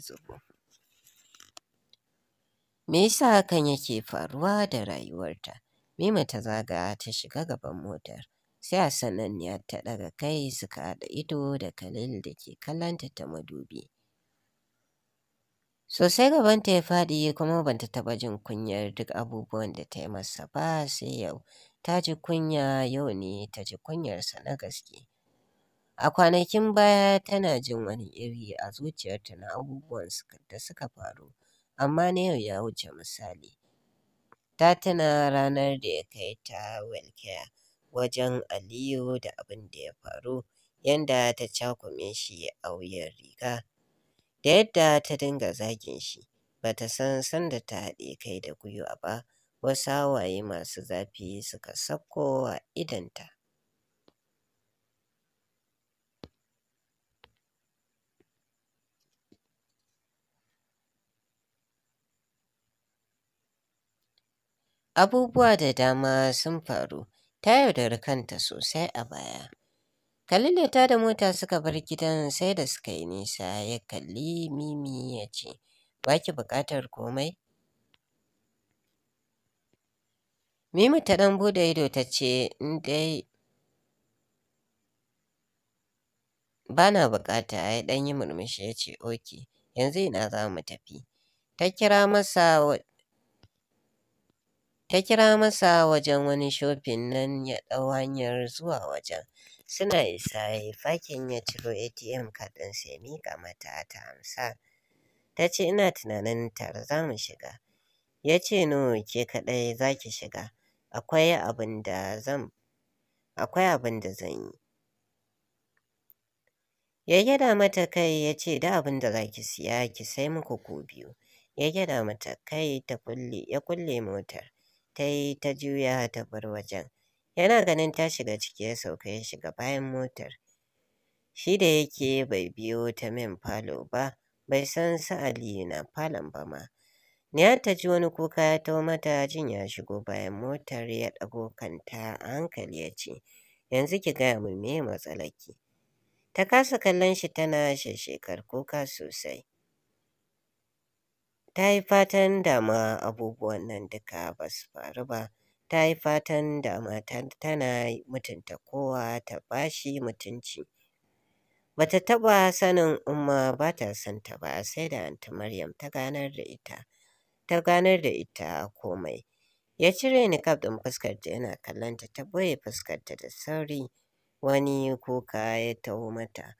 tsoro. Me yasa hakan yake faruwa da rayuwarta? Mima ta zaga ta shiga gaban motar. Sai a sananniya ta ɗaga kai suka haɗa ido da Khalil da ke kallonta ta madubi. Sosai gabanta ya faɗi kuma ban ta taɓa jin kunyar duk abubuwan da ta yi masa ba sai yau. Ta ji kunya yau ne ta ji kunyarsa na gaske. A kwanakin baya tana jin wani iri a zuciyarta na abubuwan da suka faru, amma na yau ya wuce misali. Ta tuna ranar da ya kai ta Welcare wajen Aliyu da abin da ya faru, yanda ta cakume shi a wuyan riga, da yadda ta dinga zagin shi, ba ta san sanda ta haɗe kai da gwiwa ba, wasu hawaye masu zafi suka sauko a idonta. Abubuwa da dama sun faru, ta yaudari kanta sosai a baya. Kalile ta da mota suka bar gidan sai da suka yi nisa ya kalli Mimi ya ce, Ba ki buƙatar komai? Mimi ta ɗan buɗe ido ta ce, In dai ba na buƙata ya ɗan yi murmushi ya ce, Oke, yanzu ina za mu tafi. Ta kira masa ta kira masa wajen wani shofin nan ya ɗau hanyar zuwa wajen. Suna isa ya fakin ya ciro ATM card ɗinsa ya miƙa mata ta amsa. Ta ce ina tunanin tare za mu shiga. Ya ce no ke kaɗai za ki shiga, akwai abin da zan yi. Ya gyada mata kai ya ce da abin da za ki siya ki sai muku ku biyu. Ya gyada mata kai ya kulle motar. ta yi ta juya ta bar wajen. Yana ganin ta shiga ciki ya sauka ya shiga bayan motar. Shi da yake bai biyo ta min falo ba, bai san su Aliyu na falon ba ma. Niya ta ji wani kuka ya tau mata jin ya shigo bayan motar ya ɗago kanta a hankali ya ce, Yanzu ki gaya mu me matsalaki. Ta kasa kallon shi tana shekar kuka sosai. ta yi fatan da ma abubuwan nan duka ba su faru ba, ta yi fatan da ma tana mutunta kowa ta ba mutunci. Ba ta taɓa sanin Umma ba ta son ta ba sai da Anta Maryam ta ganar da ita, ta ganar da ita komai. Ya cire ni niƙaf ɗin ta yana kallonta ta boye fuskarta da sauri wani kuka ya taho mata.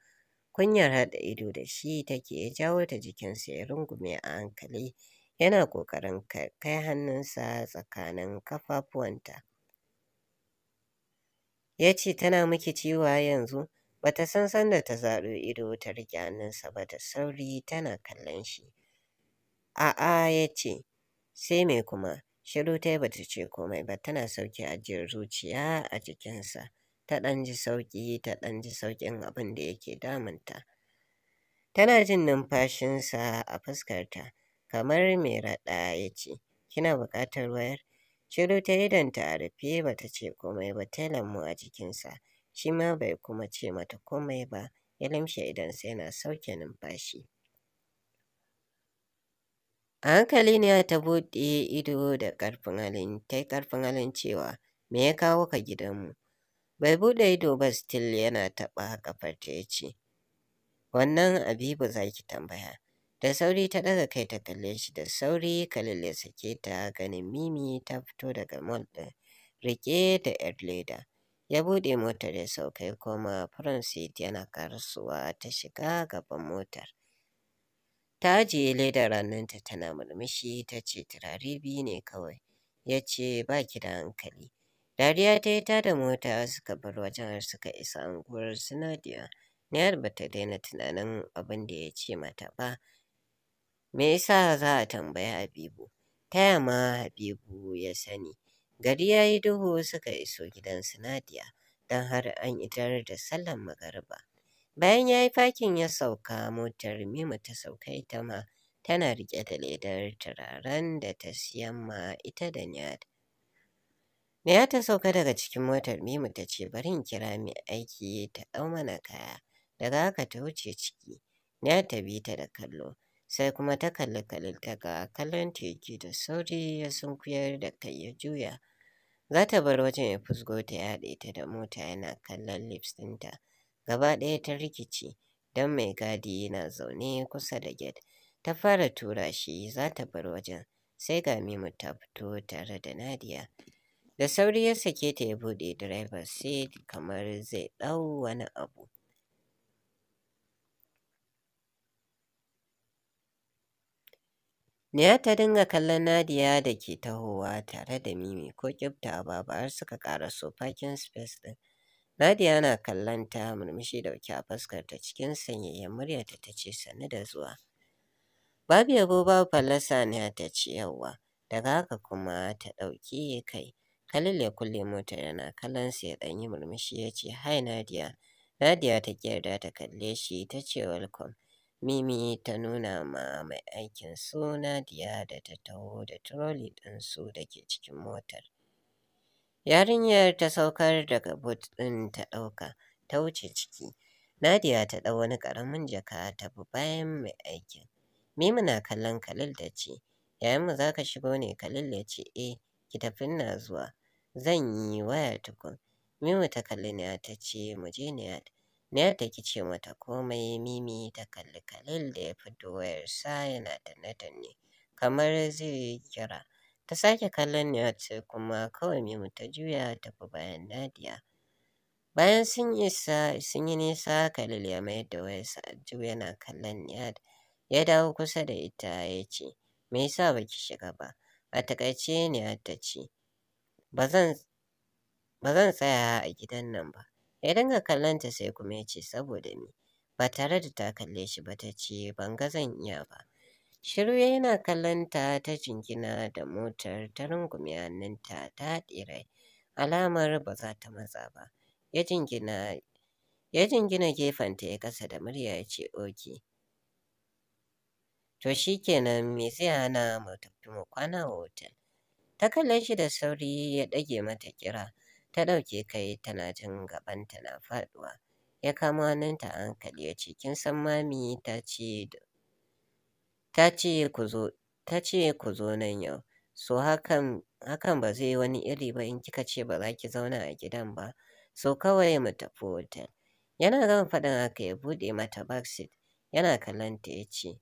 Kunyar haɗa ido da shi take jawo ta jikinsa ya rungume a hankali, yana ƙoƙarin kai hannunsa tsakanin kafafuwanta. Ya ce, Tana miki ciwa yanzu? Ba ta san sanda ta zaɓi ido ta riƙe hannunsa ba da sauri tana kallon shi. A'a ya ce, Sai mai kuma? Shiru ta yi ba ta ce komai ba, tana sauke ajiyar zuciya a jikinsa. ta ɗan ji sauƙi ta ɗan ji sauƙin abin da yake damunta. Tana jin numfashinsa a fuskarta kamar mai raɗa ya ce, Kina buƙatar wayar? Shiru ta idanta a rufe ba ta ce komai ba ta lamu a jikinsa, shi ma bai kuma ce mata komai ba, ya idan sai na sauke numfashi. A hankali ne ta buɗe ido da ƙarfin halin, ta yi ƙarfin halin cewa, Me ya kawo ka gidanmu? Bai buɗe ido ba still yana taɓa ƙafarta ya ce, Wannan Abibu za ki tambaya. Da sauri ta ɗaga kai ta kalle shi da sauri Khalil ya sake ta ganin Mimi ta fito daga mall ɗin riƙe da ‘yar leda. Ya buɗe motar ya saukai koma front seat yana karasuwa ta shiga gaban motar. Ta ajiye ledar hannunta tana murmushi ta ce turare biyu ne kawai. Ya ce ba ki da hankali. Dariya ta yi tada mota suka bar wajen suka isa unguwar Sinadiya. Niyar ba ta daina tunanin abin da ya ce mata ba. Me yasa za a tambaya Habibu? Taya ma Habibu ya sani. Gari ya yi duhu suka iso gidan Sinadiya don har an idar da sallan magariba. Bayan ya yi fakin ya sauka motar mimu ta sauka ita ma tana riƙe da ledar turaren da ta siyan ma ita da Niyar. ya ta sauka daga cikin motar Mimu ta ce bari in kira mai aiki ta ɗau mana kaya. Daga haka ta wuce ciki. ya ta bi ta da kallo. Sai kuma ta kalli kalil ta ga kallon teki da sauri ya sunkuyar da kai ya juya. Za ta bar wajen ya fusgo ta yaɗe ta da mota yana kallon lips ɗinta. Gaba ɗaya ta rikici don mai gadi yana zaune kusa da gate. Ta fara tura shi za ta bar wajen sai ga Mimu ta fito tare da nadia. da sauri ya sake ta ya buɗe direban seat kamar zai ɗau wani abu Niya ta dinga kallon Nadiya da ke tahowa tare da Mimi ko kifta baba har suka ƙara so parking space ɗin. Nadiya na kallon ta murmushi dauke a fuskar ta cikin sanyayyen muryarta ta ce sannu da zuwa. Babu yabo babu fallasa Niya ta ce yawwa daga haka kuma ta ɗauki kai. Khalil ya kulle mota yana kallon sa ya ɗan yi murmushi ya ce hi Nadia. Nadia ta ƙi ta kalle shi ta ce welcome. Mimi ta nuna ma mai aikin su Nadia da ta taho da trolley ɗin su dake cikin motar. Yarinyar ta saukar daga boot ɗin ta ɗauka ta wuce ciki. Nadia ta ɗau wani karamin jaka ta bi bayan mai aikin. Mimi na kallon Khalil da ce, yayin mu za shigo ne Khalil ya ce eh ki tafi ina zuwa. zan yi waya tukun. Mimi ta kalli Niyar ta ce mu je Niyar. Ni ta ki ce mata komai Mimi ta kalli Khalil da ya fito sa yana tanne-tanne kamar zai kira. Ta sake kallon Niyar ce kuma kawai Mimi ta juya ta fi bayan Nadiya. Bayan sun isa sun yi nisa Khalil ya mai da wayarsa aljihu yana kallon Niyar. Ya dawo kusa da ita ya ce me yasa baki shiga ba? A takaice Niyar ta ce ba zan tsaya a gidan nan ba. Ya dinga kallonta sai kuma ya ce saboda ni. ba tare da ta kalle shi ba ta ce ban ga zan iya ba. Shiru yana kallonta ta jingina da motar ta rungume hannunta ta haɗe rai alamar ba za ta matsa ba. Ya jingina ya jingina gefenta ya kasa da murya ya ce oke. To shi kenan me zai hana mu tafi mu kwana a hotel? ta kallon shi da sauri ya ɗage mata kira ta ɗauke kai tana jin gabanta na faɗuwa ya kama hannunta hankali ya ce kin san mami ta ce ta ce ku zo ta ce ku zo nan yau so hakan ba zai wani iri ba in kika ce ba za ki zauna a gidan ba so kawai mu tafi hotel yana gama faɗin haka ya buɗe mata backseat yana kallon ta ya ce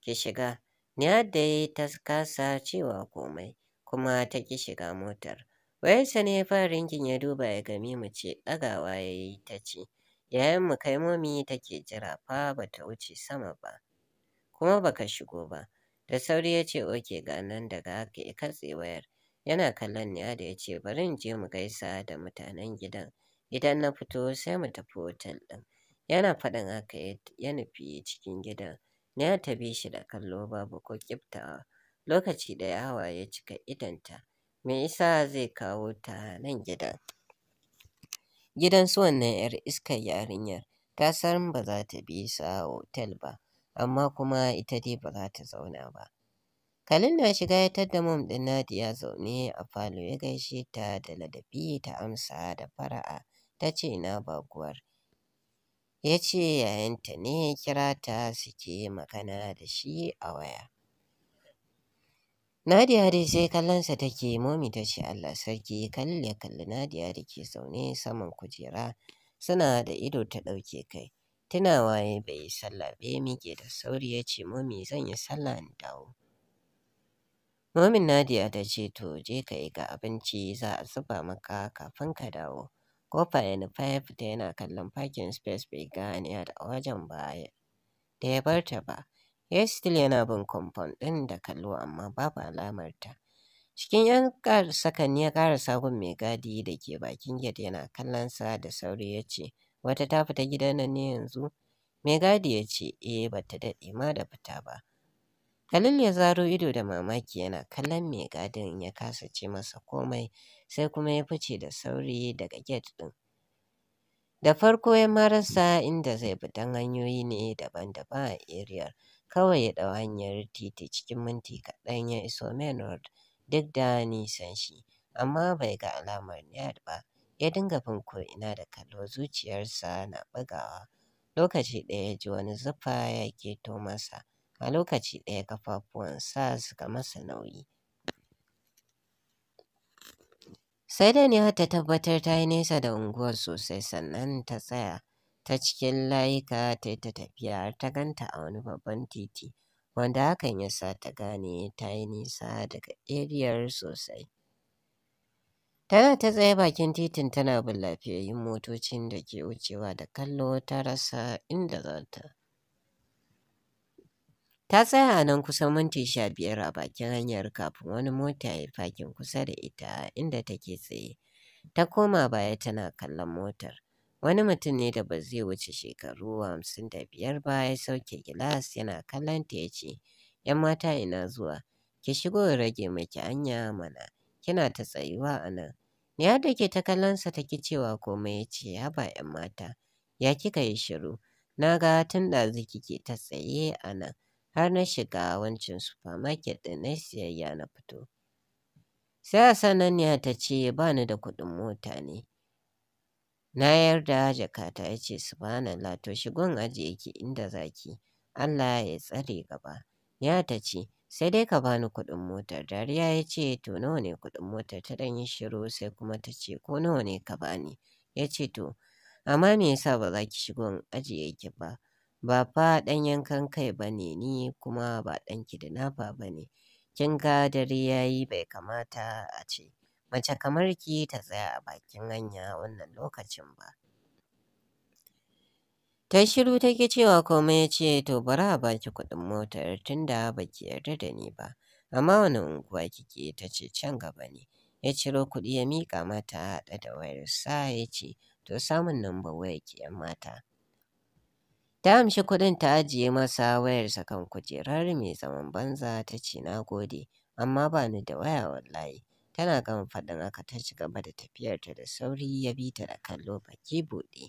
ki shiga ni dai ta kasa cewa komai kuma ta ƙi shiga motar. Wayarsa ne fara rinkin ya duba ya gami mu ce ɗagawa ya yi ta ce, yayan mu kai momi take jira fa ba ta wuce sama ba, kuma ba ka shigo ba. Da sauri ya ce oke ga nan daga haka ya katse wayar. Yana kallon niya da ya ce bari in je mu gaisa da mutanen gidan. Idan na fito sai mu tafi hotel ɗin. Yana faɗin haka ya nufi cikin gidan. Niya ta bi shi da kallo babu ko ƙiftawa. Lokaci ɗaya yawa ya cika idonta, me yasa zai kawo ta nan gida? Gidan su wannan 'yar iskar yarinyar, ta san ba za ta bi sa otel ba, amma kuma ita dai ba za ta zauna ba. Kalin na shiga ya tadda mom ɗin Nadiya zaune a falo ya gaishe ta da ladabi ta amsa da fara'a ta ce ina baguwar. Ya ce yayanta ne ya kira ta suke magana da shi a waya. Nadiya dai sai kallonsa take momi ta ce Allah sarki kalli ya kalli Nadiya da ke zaune saman kujera suna da ido ta ɗauke kai. Tuna waye bai yi sallah ba ya miƙe da sauri ya ce momi zan yi sallah in dawo. Momin Nadiya ta ce to je ka yi ga abinci za a zuba maka kafin ka dawo. Kofa ya nufa fita yana kallon parking space bai gane da wajen ba da ya bar ta ba. Yestil yana bin kwamfan ɗin da kallo amma babu alamarta. Cikin 'yan sakanni ya kara sabon mai gadi da ke bakin gate yana kallon sa da sauri ya ce, Wata ta fita gidan nan ne yanzu? Mai gadi ya ce, Eh, bata daɗe ma da fita ba. Khalil ya zaro ido da mamaki yana kallon mai gadin ya kasa ce masa komai sai kuma ya fice da sauri daga gate ɗin. Da farko ya marasa inda zai bi don hanyoyi ne daban-daban a eriyar. Kawai ya ɗau hanyar titi cikin minti kaɗan ya iso Main Road duk da nisan shi, amma bai ga alamar yard ba, ya dinga bin ko'ina da kallo zuciyarsa na bugawa. Lokaci ɗaya ya ji wani zuffa ya keto masa, a lokaci ɗaya kafafuwansa suka masa nauyi. Sai da ne ta tabbatar ta yi nesa da unguwar sosai sannan ta tsaya. ta cikin layuka ta yi ta tafiya ta ganta a wani babban titi wanda hakan ya sa ta gane ta yi nisa daga eriyar sosai. Tana ta tsaye bakin titin tana bin lafiyayyun motocin da ke wucewa da kallo ta rasa inda za ta. Ta tsaya nan kusan minti sha biyar a bakin hanyar kafin wani mota ya fakin kusa da ita inda take tsaye. Ta koma baya tana kallon motar. Wani mutum ne da ba zai wuce shekaru hamsin da biyar ba ya sauke gilas yana kallonta ya ce, ‘yan mata ina zuwa, ki shigo in rage miki hanya mana, kina ta tsayuwa a nan. Ni da ke ta kallonsa ta ki cewa komai ya ce, ya ba ‘yan mata, ya kika yi shiru, na ga tun ɗazu kike ta tsaye a nan, har na shiga wancan supermarket ɗin na siyayya na fito. Sai a sananniya ta ce, ba ni da kuɗin mota ne. Na yarda jakata ya ce subhanallah to shigon aji yake inda zaki. Allah ya tsare gaba. Ya ta ce sai dai ka bani kuɗin motar. Dariya ya ce to nawa ne kuɗin motar ta dan yi shiru sai kuma ta ce ko nawa ne ka bani. Ya ce to amma me yasa ba za ki shigon aji yake ba. Ba fa ɗan yankan kai ba ne ni kuma ba ɗan nafa ba ne. Kin ga dare yi bai kamata a ce. mace kamar ki ta tsaya a bakin hanya wannan lokacin ba. Ta shiru take cewa komai ya ce to bari a baki kuɗin motar tunda baki yarda da ni ba, amma wani unguwa kike ta ce can gaba ne. Ya ciro kuɗi ya miƙa mata haɗa da wayarsa ya ce to samun nan ba waya ke mata. Ta amshi kuɗin ta ajiye masa wayarsa kan kujerar mai zaman banza ta ce na gode, amma ba ni da waya wallahi. Tana gama faɗin haka ta ci gaba da tafiyarta da sauri ya bi ta da kallo baki buɗe.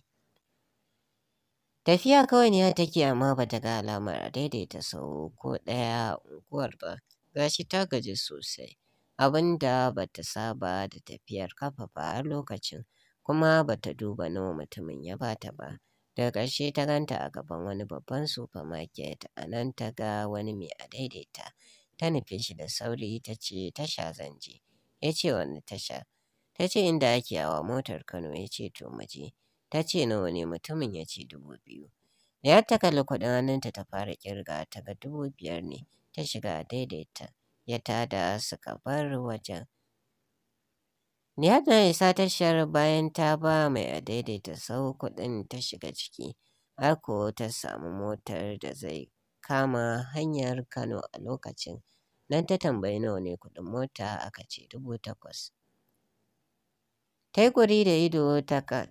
Tafiya kawai ne take amma ba ta ga alamar a daidaita sau ko ɗaya unguwar ba, gashi ta gaji sosai, abin da ba ta saba da tafiyar kafa ba a lokacin, kuma ba ta duba nawa mutumin ya ba ta ba. da ƙarshe ta ganta a gaban wani babban supermarket, a nan ta ga wani mai daidaita, ta nufe shi da sauri ta ce tasha zanje ya ce wani tasha. Ta ce inda ake yawa motar Kano ya ce to maje. Ta ce nawa ne mutumin ya ce dubu biyu. ya ta kalli kuɗin hannunta ta fara kirga ta ga dubu biyar ne ta shiga daidaita. Ya tada suka bar wajen. Niyar na isa tashar bayan ta ba mai a daidaita sau kuɗin ta shiga ciki. Har ta samu motar da zai kama hanyar Kano a lokacin Nan ta tambayi nawa ne kuɗin mota aka ce dubu takwas. Ta yi kuri da ido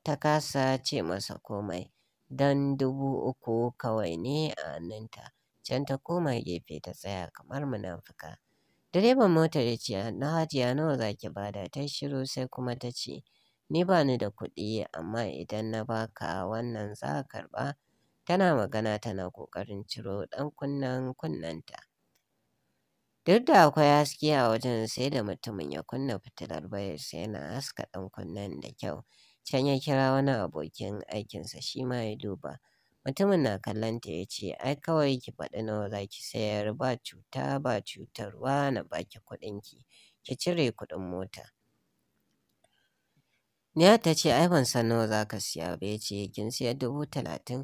ta kasa ce masa komai don dubu uku kawai ne a hannunta. Can ta koma gefe ta tsaya kamar munafuka. Direban motar ya ce na hajiya nawa za ki bada ta shiru sai kuma ta ce ni ba ni da kuɗi amma idan na baka wannan za a karɓa. Tana magana tana ƙoƙarin ciro ɗan kunnen kunnenta. Duk da akwai haske a wajen sai da mutumin ya kunna fitilar sai yana haska ɗan kunnen da kyau. Can ya kira wani abokin aikinsa shi ma ya duba. Mutumin na ta ya ce, ai kawai ki faɗi nawa za ki sayar ba cuta ba cutarwa na baki kuɗinki, ki cire kuɗin mota. Niyar ta ce, ai ban san nawa za ka siya ba ya ce, kin siya dubu talatin.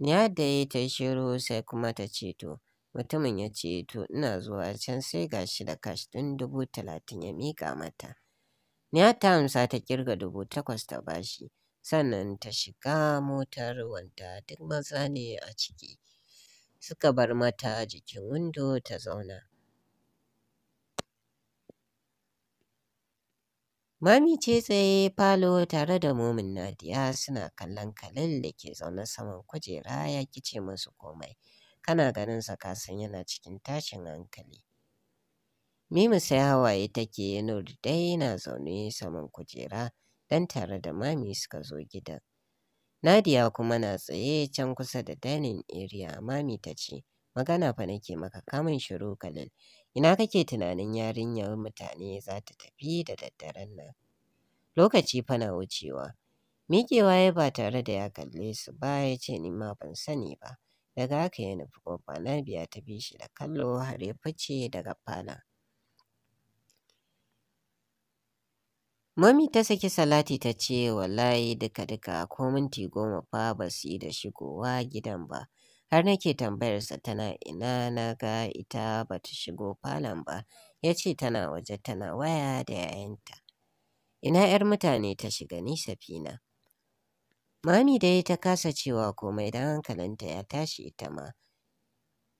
niyar da ya ta shiru sai kuma ta ce, to Mutumin ya ce to ina zuwa can sai ga shi da kash ɗin dubu talatin ya miƙa mata. Ya ta amsa ta kirga dubu takwas ta bashi sannan ta shiga motar wanda duk maza ne a ciki. Suka bar mata jikin windo ta zauna. Mami ce tsaye falo tare da momin Nadiya suna kallon kalin da ke zaune saman kujera ya kice musu komai. kana ganin sa kasan yana cikin tashin hankali. Mimu sai hawaye take yi nur dai na zaune saman kujera dan tare da mami suka zo gidan. Nadiya kuma na tsaye can kusa da dining area mami ta ce magana fa nake maka kamun shiru kalil ina kake tunanin yarinyar mutane za ta tafi da daddaren nan. Lokaci fa na wucewa. Miƙewa ya ba tare da ya kalle su ba ya ce ni ma ban sani ba. daga haka ya nufi ƙofa biya ta bi shi da kallo har ya fice daga falon. Mami ta saki salati ta ce wallahi duka-duka ko minti goma fa ba su yi da shigowa gidan ba. Har nake tambayarsa tana ina na ga ita ba ta shigo falon ba, ya ce tana waje tana waya da 'ya'yanta. Ina 'yar mutane ta shiga ni safina. Mami dai ta kasa cewa komai don hankalinta ya tashi ita ma.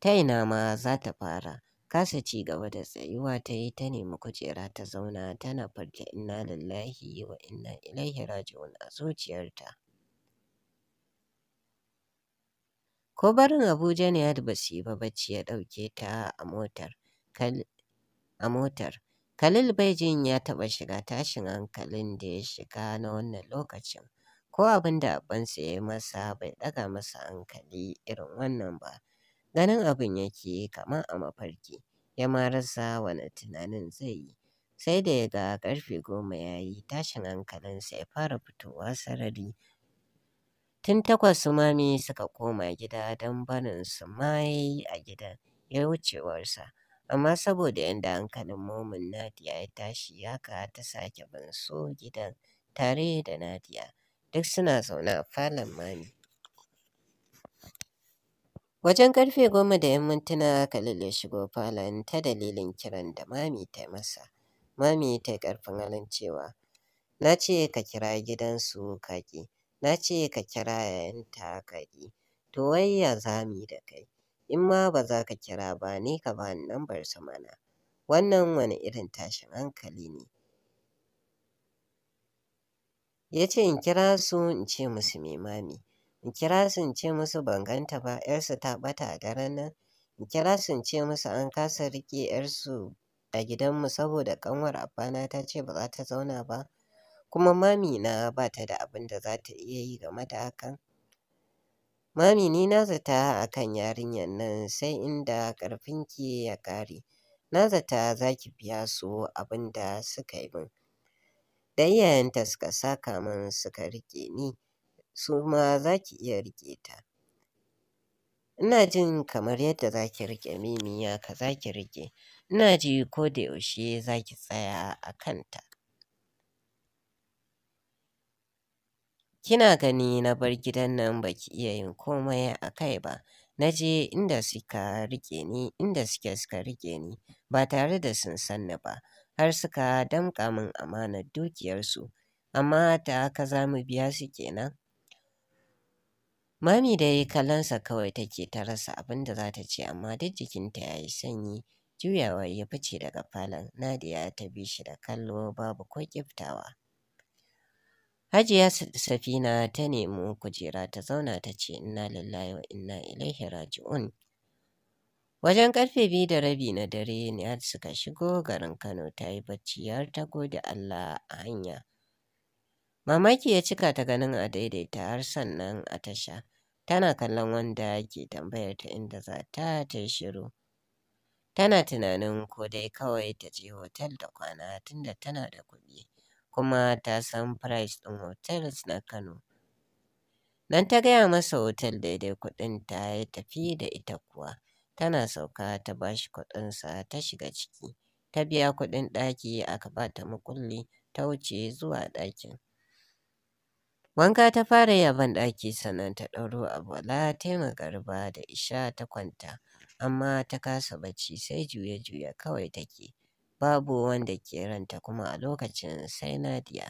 Ta ina ma za ta fara, kasa ci gaba da tsayuwa ta yi ta nemi kujera ta zauna tana farke inna lallahi wa inna ilaihi raji'un a zuciyarta. Ko barin Abuja ne ba su ba bacci ya ɗauke ta a motar. a motar. Khalil Baijin ya taɓa shiga tashin hankalin da ya shiga na wannan lokacin. ko abin da abbansa ya masa bai daga masa hankali irin wannan ba. Ganin abin yake kamar a mafarki, ya marasa rasa wani tunanin zai yi. Sai da ya ga karfe goma ya yi tashin hankalinsa ya fara fitowa sarari. Tun takwas mami suka koma gida don barin su mai a gidan ya wucewarsa. Amma saboda yadda hankalin momin Nadiya ya tashi haka ta sake bin so gidan tare da Nadiya. duk suna zaune a falon mami. Wajen karfe goma da ‘yan mintuna Khalil ya shigo falon ta dalilin kiran da mami ta masa. Mami ta yi ƙarfin halin cewa, na ce ka kira gidansu kaƙi, na ce ka kira yayanta kaƙi, to wai ya za da kai, in ma ba za ka kira ba ni ka ba ni su mana. Wannan wani irin tashin hankali ne. Ya ce in kira su in ce musu mimami mami, in kira su in ce musu ban ganta ba ‘yarsu ta ɓata a daren nan, in kira su in ce musu an kasa rike ‘yarsu a gidanmu saboda ƙanwar abana ta ce ba za ta zauna ba, kuma mami na ba ta da abin da za ta iya yi game da hakan. Mami ni na zata a kan yarinyar nan sai inda ƙarfinki ya kare. na zata za ki biya su abin da suka yi min. Da yayanta suka saka min suka riƙe ni, su ma za ki iya riƙe ta. Ina jin kamar yadda za ki riƙe Mimi ka za ki riƙe. Ina ji ko da yaushe za ki tsaya a kanta. Kina gani na bar gidan nan ba ki iya yin komai a kai ba. Na je inda suka riƙe ni, inda suke suka riƙe ni ba tare da sun san ni ba. har suka damƙa min amanar dukiyarsu, amma ta haka za mu biya su kenan? Mami da yi kallonsa kawai take ta rasa abin da za ta ce amma duk jikinta ya yi sanyi. Juyawa ya fice daga falon, Nadiya ta bi shi da kallo babu ko ƙiftawa. Hajiya Safina ta nemi kujera ta zauna ta ce inna lillahi wa inna ilaihi raji'un. Wajen karfe biyu da rabi na dare ne Nihad suka shigo garin Kano ta yi bacci har ta gode Allah a hanya. Mamaki ya cika ta ganin a daidaita har sannan a tasha. Tana kallon wanda ke tambayar ta inda za ta ta shiru. Tana tunanin ko dai kawai ta je hotel da kwana tunda tana da kuɗi kuma ta san price ɗin hotels na Kano. Nan ta gaya masa hotel daidai kuɗin ta yi tafi da ita kuwa. Tana sauka ta ba shi kuɗinsa ta shiga ciki. Ta biya kuɗin ɗaki aka ba ta mukulli ta wuce zuwa ɗakin. Wanka ta fara yi a banɗaki sannan ta ɗauro abu ta yi Garba da isha ta kwanta, amma ta kasa bacci sai juya-juya kawai take, babu wanda ke ranta kuma a lokacin sai Nadiya.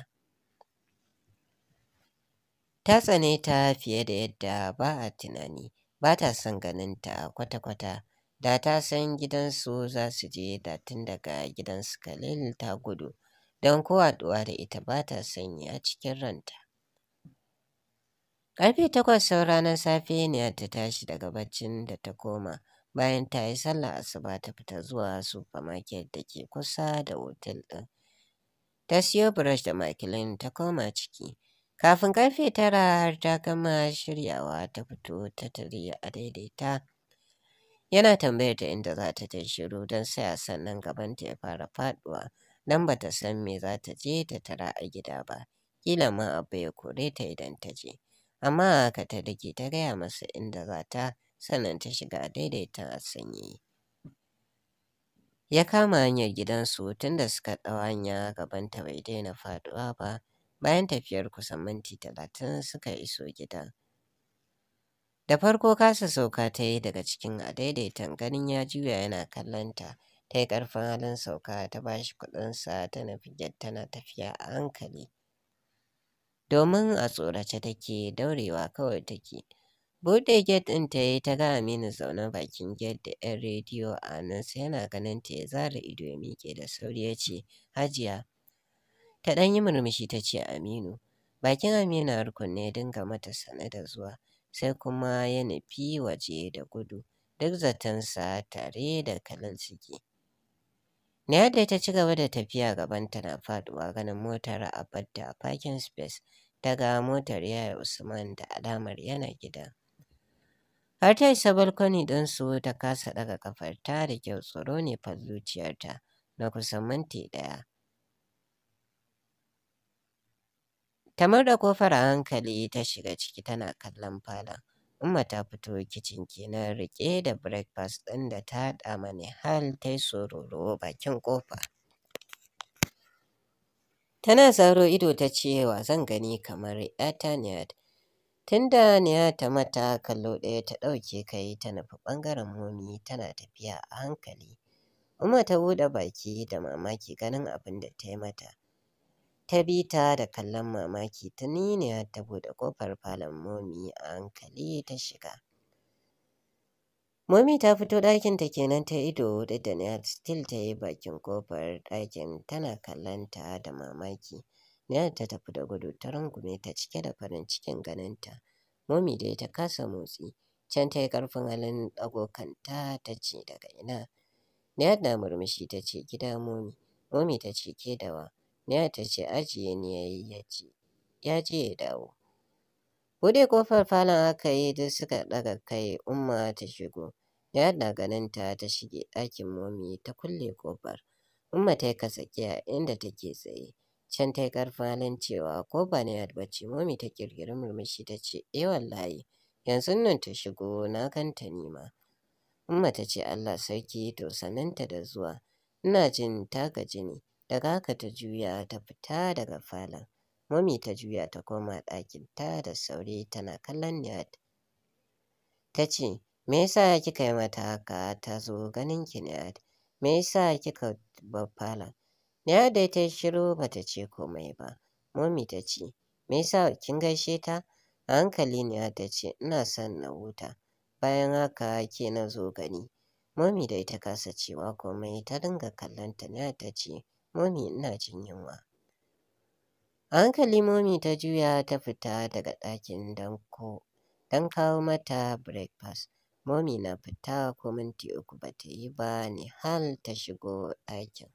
Ta tsane ta fiye da yadda ba a tunani, ba ta son ganinta kwata-kwata da ta san gidansu za su je da tun daga gidansu Khalil ta gudu don kowa duwa da ita ba ta sanyi a cikin ranta. Ƙarfe takwas saura ranar safe ne ta tashi daga baccin da ta koma bayan ta yi sallah asuba ta fita zuwa supermarket da ke kusa da otel ɗin. Ta siyo brush da makilin ta koma ciki. Kafin karfe tara har ta gama shiryawa ta fito ta tari a daidaita. Yana tambayar ta inda za ta je shiru don saya sannan ta ya fara faduwa, don ba ta san me za ta je ta tara a gida ba. Kila ma abu ya kore ta idan ta je. Amma ka ta dake ta gaya masa inda za ta sannan ta shiga a daidaita a sanyi. Ya kama hanyar gidansu tunda suka ɗau hanya ta bai daina faduwa ba. Bayan tafiyar kusan minti talatin suka iso gidan. Da farko kasa sauka ta yi daga cikin a daidaitan ganin ya juya yana kallonta. Ta yi ƙarfin halin sauka ta ba shi kuɗinsa ta nufi tana tafiya a hankali. Domin a tsorace take daurewa kawai take. Buɗe get ɗin ta yi ta ga Aminu zaune bakin get da 'yan rediyo a hannunsa yana ganin ta ya zara ido ya miƙe da sauri ya ce, Hajiya, Ta ɗan yi murmushi ta ce Aminu. Bakin Amina har ne ya dinga mata sane da zuwa, sai kuma ya nufi waje da gudu, duk zatansa tare da kalan ciki. Da ta ci gaba da tafiya gaban tana faduwa ganin motar a a parking space daga motar yaya Usman da alamar yana gida. Har ta isa balkoni don su ta kasa daga kafarta da kyau tsoro ne fa na kusan minti ɗaya. Ta da kofar a hankali ta shiga ciki tana kallon falon. Umma ta fito kicin kenan riƙe da breakfast ɗin da ta haɗa mani hal ta yi sororo bakin kofa. Tana zaro ido ta ce wa zan gani kamar ‘yata Niyad. Tunda Niyad ta mata kallo ɗaya ta ɗauke kai ta nufi ɓangaren momi tana tafiya a hankali. Umma ta buɗe baki da mamaki ganin abin da ta yi mata. ta bi ta da kallon mamaki tuniniya ta buɗe ƙofar falon momi a hankali ta shiga. Momi ta fito ɗakinta kenan ta ido da Daniel still ta yi bakin ƙofar ɗakin tana kallon ta da mamaki. Daniel ta tafi da gudu ta rungume ta cike da farin cikin ganinta. Momi dai ta kasa motsi, can ta yi ƙarfin halin abokanta ta ce daga ina. Daniel na murmushi ta ce gida momi, momi ta ce ke dawa. ta ce ajiye ni ya yi ya je ya dawo. Buɗe ƙofar falon aka yi duk suka ɗaga kai Umma ta shigo. ya daga ganinta ta ta shige ɗakin Momi ta kulle ƙofar. Umma ta yi kasakiya inda take tsaye. Can ta yi karfalin cewa ko ba Niyat ba Momi ta ƙirƙiri murmushi ta ce eh wallahi yanzu nan ta shigo na ganta ni ma. Umma ta ce Allah sarki to sananta da zuwa ina jin ta gaji ne. Daga haka ta juya ta fita daga falon. Mami ta juya ta koma ɗakinta da sauri tana kallon Nihat. Ta ce, Me yasa kika yi mata haka ta zo ganin ki Nihat? Me yasa kika bar falon? Nihat dai ta yi shiru ba ta ce komai ba. Mami ta ce, Me yasa kin gaishe ta? A hankali Nihat ta ce, Ina son na huta. Bayan haka ke na zo gani. Mami dai ta kasa cewa komai ta dinga kallon ta Nihat ta ce, Momi ina jin yunwa. A hankali Momi ta juya ta fita daga ɗakin don kawo mata breakfast. Momi na fita ko minti uku ba ta yi ba har ta shigo ɗakin.